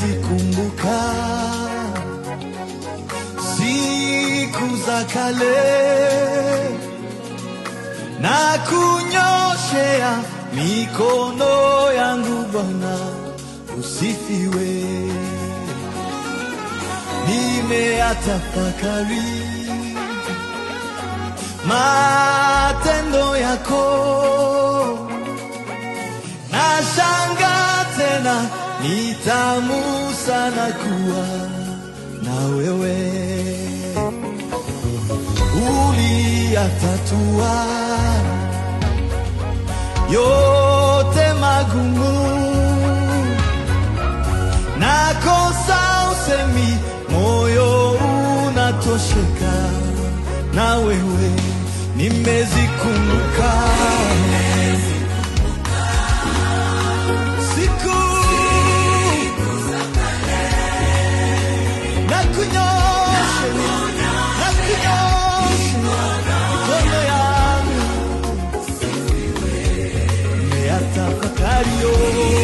siwezi kumbuka siku za kale na kunyoshea mikono yangu Bwana usifiwe. Nimeyatafakari matendo yako nashanga tena ni tamu sana kuwa na wewe. Uliyatatua yote magumu, nakosa usemi, moyo unatosheka na wewe, nimezikumbuka Dios.